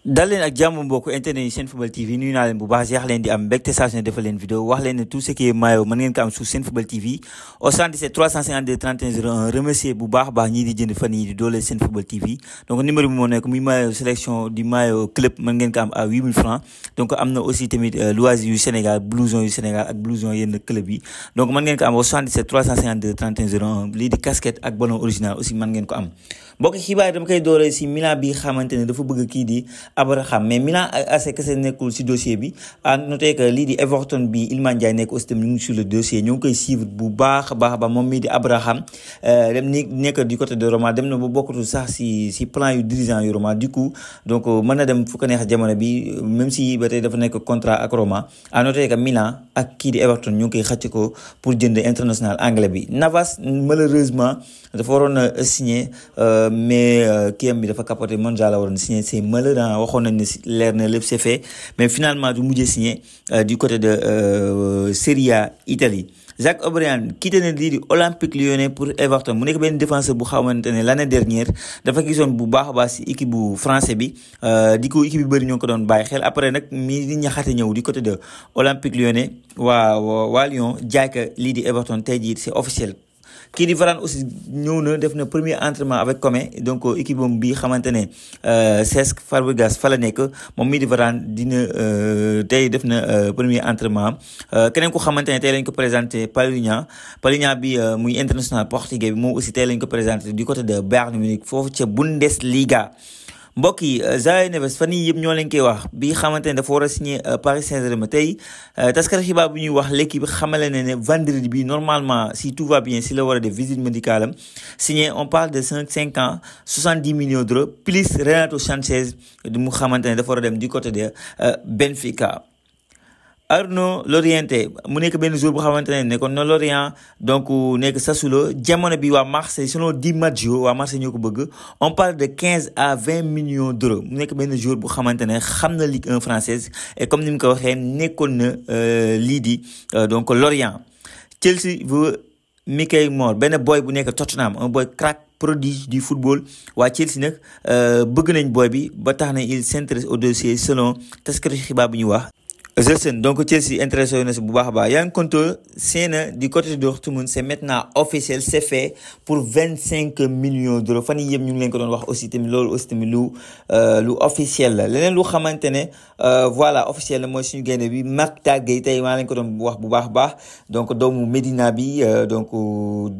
dal ak jamm mbokk internet yi football TV nuyu naa leen bu baax jeex leen di am mbégte saa su defal leen vidéo wax leen tout ce qui est maillot man ngeen ko am sur football TV au 77 352 31 01 remercier bu baax baax ñi di jënd fan yi di dolé dooleel football TV donc numéro bi moo nekk muy maillot sélection du maillot club man ngeen ko am à 8000 francs donc amna aussi tamit euh, loisir du Sénégal blouson du Sénégal ak blouson yenn club yi donc man ngeen ko am au 77 352 31 01 lii di casquette ak ballon original aussi man ngeen ko am mbokk xibaar dama koy dolé ci Milan bi xamantene ne dafa bëgg ki di Abraham mais Milan que kese nekkul si dossier bi à noter que lii di Everton bi il Ndiaye nekk aussi tamit sur le dossier nous ngi koy suivre bu baax baax ba di Abraham euh, dem ni nekk du côté de Roma dem na beaucoup tout sax si si plan yu dirigeant yu Roma du coup donc euh, mën na dem fu ko neex jamono bi même si ba tey dafa nekk contrat ak Roma à noter que Milan ak quitté di Everton nous ngi koy xëcc ko pour jënd international anglais bi Navas malheureusement de waroon signé signer euh, mais qui am mis de faire Monza la waroon signé c'est malheureux hein, waxoon nañ ne leer na lépp c'est fait mais finalement du mujjee signé euh, du côté de euh, Serie A Italie Jacques O'Brien quitté na lii di Olympique Lyonnais pour Everton mu nekk benn défenseur bu xamante ne l'année dernière dafa gisoon bu baax a baax si équipe bu français bi euh, di ko équipe bi bëri ñoo ko doon bàyyi xel après nag mi di ñaxate ñëw du côté de Olympique Lyonnais waa waa Lyon jaay ka lii di Everton tey jii c'est officiel qui di Varane aussi ñëw na def na premier entraînement avec Comé donc euh, équipe bi xamantene euh Cesc Fabregas fa la nekk moom mii di Varane dina euh, def na euh, premier entraînement keneen ku xamante ne tey lañ ko présenté Palhinha Palhinha bi muy international portugais bi aussi tay lañ ko présenter du côté de Bayern Munich fofu ca Bundesliga mbokk yi Jaay euh, Neves fan yii yëpp ñoo leen koy wax bi xamante ne dafa war a signé euh, Paris Saint-Germain tey euh, taskati xibaar bu ñuy wax l'équipe xamale ne ne vendredi bi normalement si tout va bien si la war a def visite médicale am signé on parle de cinq cinq ans soixante dix millions d'euros plus Renato Sanchez mu xamante ne dafa war a dem du côté de Benfica. Arnaud Lorienté mu nekk benn jour bu xamantene ne nekkoon Lorient donc nekk Sassuolo jamono bi waa Marseille selon Di Maggio waa Marseille ñoo ko bëgg on parle de 15 à 20 millions d'euros mu nekk benn jour bu xamantene ne xam na Ligue 1 française et comme ni mu ko waxee nekkoon na euh, lii di euh, donc Lorient Chelsea veut Michael Moore benn boy bu nekk Tottenham un boy crack prodige du football waa Chelsea nag euh, bëgg nañ boy bi ba tax na il s'intéresse au dossier selon taskatu xibaar wax Zelsen donc Chelsea intéressé wu na si bu baax a baax Yann Konté du côté de Dortmund c'est maintenant officiel c'est fait pour 25 millions d'euros Fanny yii yëpp ñu ngi leen ko doon wax aussi tamit aussi tamit lu euh, lu officiel L'année leneen lu xamante euh, voilà officiel la mooy suñu gagné. bi Mactar Gueye tey maa leen ko doon wax bu donc doomu Medina bi euh, donc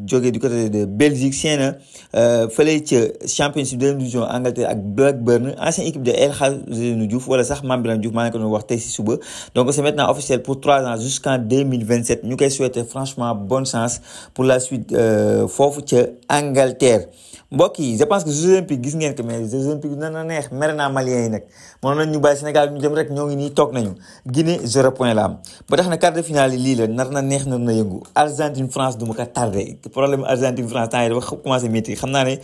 jógee du côté de Belgique signé fële ca Championship deuxième division Angleterre avec Blackburn ancienne équipe de El Hadji Ousseynou Voilà wala sax Mame Birame Diouf maa leen ko doon wax tey si suba. Donc c'est maintenant officiel pour trois ans jusqu'en 2027 Nous souhaitons franchement bonne chance pour la suite euh, For Future Angleterre mbokk yi je pense que Jeux olympiques gis ngeen que mais Jeux olympiques dina neex mere naa yi nag moom nañ ñu bàyyi Sénégal ñu jëm rek ñoo ngi nii toog nañu Guinée zéro point la am ba tax na quart de finale yi lii la nar na neex nar na yëngu Argentine France du ma ko tardé problème Argentine France temps yi dafa commencé métti xam naa ne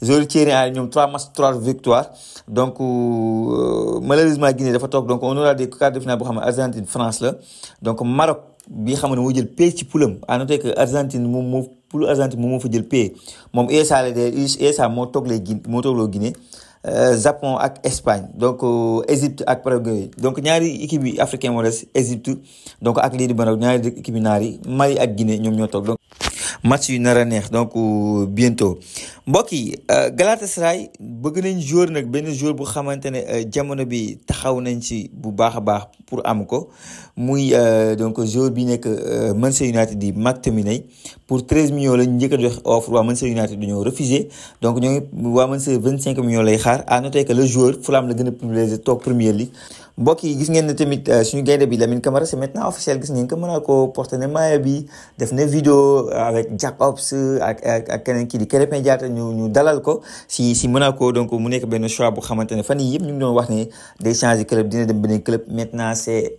joueurs Thierry Henry ñoom 3 matchs 3 victoires donc euh, malheureusement Guinée dafa toog donc on aura des de finale boo xam ne Argentine France la xam ne moo jël pays ci poulam à noter que Argentine Pulu Argentine moom moo fa jël paie moom USA la de USA moo toogloo Guinée moo toogloo Guinée euh, Japon ak Espagne donc euh, Égypte ak Paraguay donc ñaari équipe africain moo des Égypte donc ak lii di Maroc ñaari équipe yi naar yi Mali ak Guinée ñoom ñoo toog match yu nar a neex donc euh, bientôt mbokk yi euh, Galatasaray bëgg nañ joueur nag benn joueur bu xamante ne euh, jamono bi taxaw nañ ci bu baax a baax pour am ko muy donc joueur bi nekk Manchester United di McTominay pour 13 millions la njëkk a jox offre waa Manchester United dañoo refusé donc ñoo ngi waa Manchester 25 millions lay xaar à noter que le joueur Fulham la gën a privilégié toog Premier League mbokk yi gis ngeen ne tamit euh, suñu gaynde bi Lamine Camara c'est maintenant officiel gis ngeen ko Monaco porté na maillot bi def na vidéo euh, avec Jacobs ak ak ak keneen kii di Krépin Diatta ñu ñu dalal ko si si mën Monaco donc mu nekk benn choix bu xamante ne fan yii yëpp ñu ngi doon wax ne day changer club dina dem beneen club maintenant c'est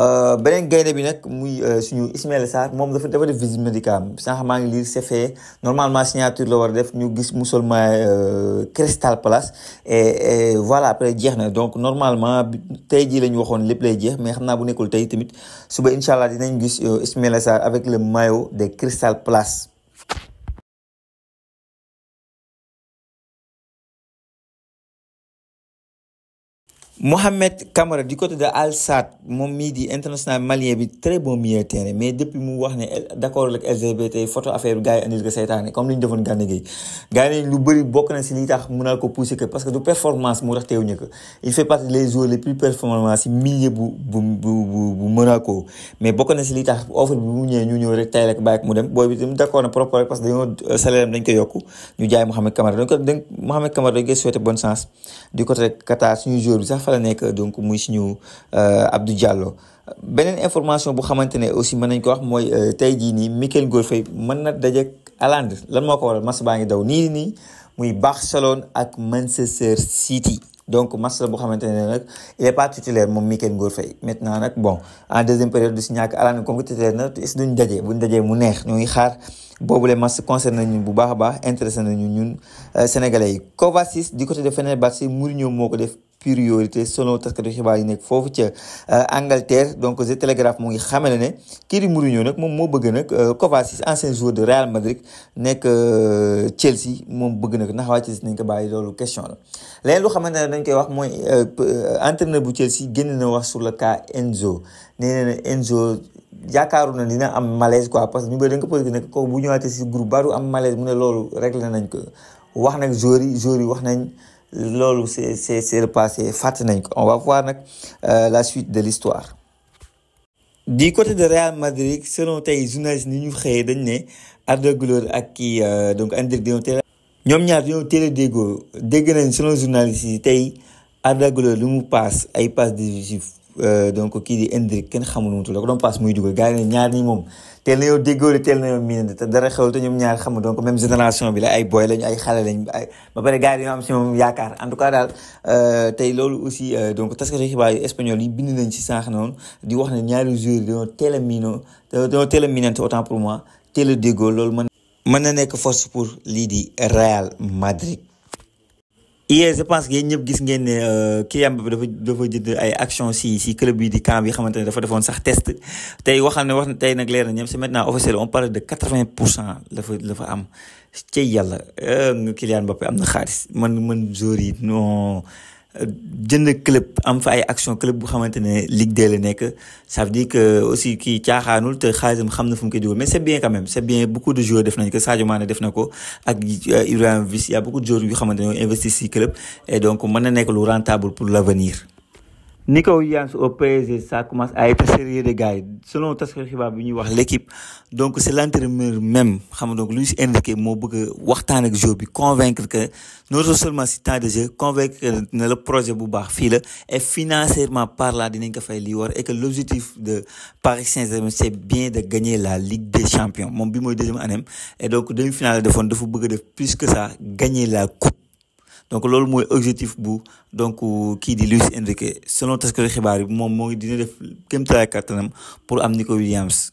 euh, bi nag muy suñu Ismaïla Sarr moom dafa dafa def visite médicale sànq maa ngi lire c'est fait normalement signature la war a def ñu gis mu seulement Crystal Palace et voilà après jeex na normalement tey jii la ñu waxoon lépp lay jeex mais xam naa bu nekkul tey tamit suba incha allah dinañ gis euh, Ismaila Sarr avec le maillot de Crystal Palace. Mohamed Kamara du côté de Al Sadd moom mii di international malien bi très bon milieu de mais depuis mu wax ne d'accord ak LGBT photo affaire bi gars yi andil ko seytaane comme li ñu defoon Gana Gueye gars yi lu que parce que bokk na si li tax offre bi mu ñëwee ñu ñëw rek tey rek bàyyi mu dem booy bi na propre parce que dañoo euh, salaire dañ ko yokku ñu jaay Mohamed Kamara dañ ko dañ Mohamed Kamara dañ koy souhaiter bonne chance du côté Qatar suñu joueur bi sax. fa la nekk donc muy suñu euh, Abdou Diallo beneen information bu xamante ne aussi mën nañ ko wax mooy euh, tey jii nii Mikayil Ngor Faye mën na dajeek Haaland lan moo ko waral match baa ngi daw nii nii muy Barcelone ak Manchester City. donc match la boo xamante ne nag il est pas titulaire moom Mikayil Ngor Faye maintenant nag bon en deuxième période du si ñàkk Haaland comme que titulaire na est ce duñ daje buñ dajee mu neex ñoo ngi xaar boobule match concerné ñun bu baax a baax intéressé nañu ñun euh, sénégalais yi. Kovacic de priorité selon taskatu xibaar yi nekk foofu ca euh, Angleterre donc The Telegraph mu ngi xamale ne kii di Mourinho nag moom moo bëgg nag euh, Kovacic ancien joueur de Real Madrid nekk euh, Chelsea moom bëgg nag ndax waa Chelsea nañ ko bàyyi loolu question la leneen lu xamante ne dañ koy wax mooy entraîneur bu Chelsea génn na wax sur le cas Enzo nee na Enzo yaakaaru na dina am malaise parce que ñu bëri dañ ko posé nekk ko bu si groupe baru am malaise mu ne loolu réglé nañ ko wax nag joueurs yi joueurs yi wax nañ loolu c'est c'est c'est repassé fàtte nañ ko on va voir nag euh, la suite de l'histoire du côté de Real Madrid selon tey journaliste ni ñu xëyee dañ ne Arda Güler ak kii euh, donc Endrick dañoo teel ñoom ñaar dañoo teel a déggoo dégg nañ selon journaliste yi tey Arda Güler lu mu passe ay passe décisif Euh, donc kii di Endrick kenn xamul nu mu tudd da ko paas muy dugal gars ne ñaar ñi moom teel na yow déggoo li teel na yow miinante donc bi la ay boy lañ ay xale lañ ay ba euh, tey loolu aussi euh, donc taskatu xibaar yu espagnol yi bind nañ si sànq noonu di wax ne ñaari joueurs yi dañoo teel a miinoo dañoo teel a miinante autant pour moi teel a déggoo loolu mën mën na nekk force pour lii di Real Madrid hier je pense que yéen ñëpp gis ngeen ne euh, Kylian Mbappé dafa dafa jënd ay action si si club bi di camp bi xamante ne dafa defoon sax test tey waxal ne wax na tey nag leer na ñoom c'est maintenant officiel on parle de quatre-vingt pour cent dafa dafa am ci yàlla euh, Kylian Mbappé am na xaalis man man joueur yi non jënd club am fa ay action club bu xamante ne Ligue 2 la nekk ça veut dire que aussi kii caaxaanul te xaalisam xam na fu mu koy dugal mais c'est bien quand même c'est bien beaucoup de joueurs def nañ ko Sadio Mané def na ko ak euh, Ibrahimovic y a beaucoup de joueurs yu xamante ne ñoo investi si club et donc mën na nekk lu rentable pour l'avenir Nico Williams au PSG, ça commence à être sérieux les gars. Selon Tasker Khiba, l'équipe, donc c'est l'entraîneur même. Donc indiquer Enrique, moi, je veux avec Jobi, convaincre que non seulement si temps de jeu, convaincre que le projet Bouba File est financièrement par la Dinenka Lior et que l'objectif de Paris Saint-Germain, c'est bien de gagner la Ligue des Champions. Mon bimo deuxième année. Et donc, demi-finale de fond, de faut plus que ça, gagner la Coupe donc loolu mooy objectif bu donc euh, kii di Luis Enrique selon taskatu xibaar yi moom moo dina def kéemtalaay kàttanam pour am Nico Williams.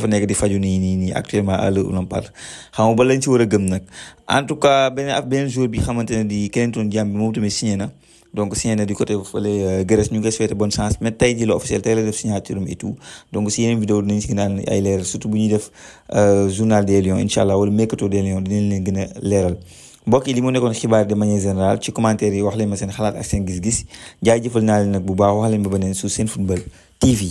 dafa nekk di ni actuellement à l'heure parle xam ba lañ ci en tout cas beneen af bi di moom donc signé du côté euh, ñu ngi bonne chance mais de la et tout donc si vidéo surtout journal des lions incha allah wala des lions dinañ leen gën a leeral li de manière générale ci commentaires, wax ma seen ak gis-gis leen bu wax su seen football TV.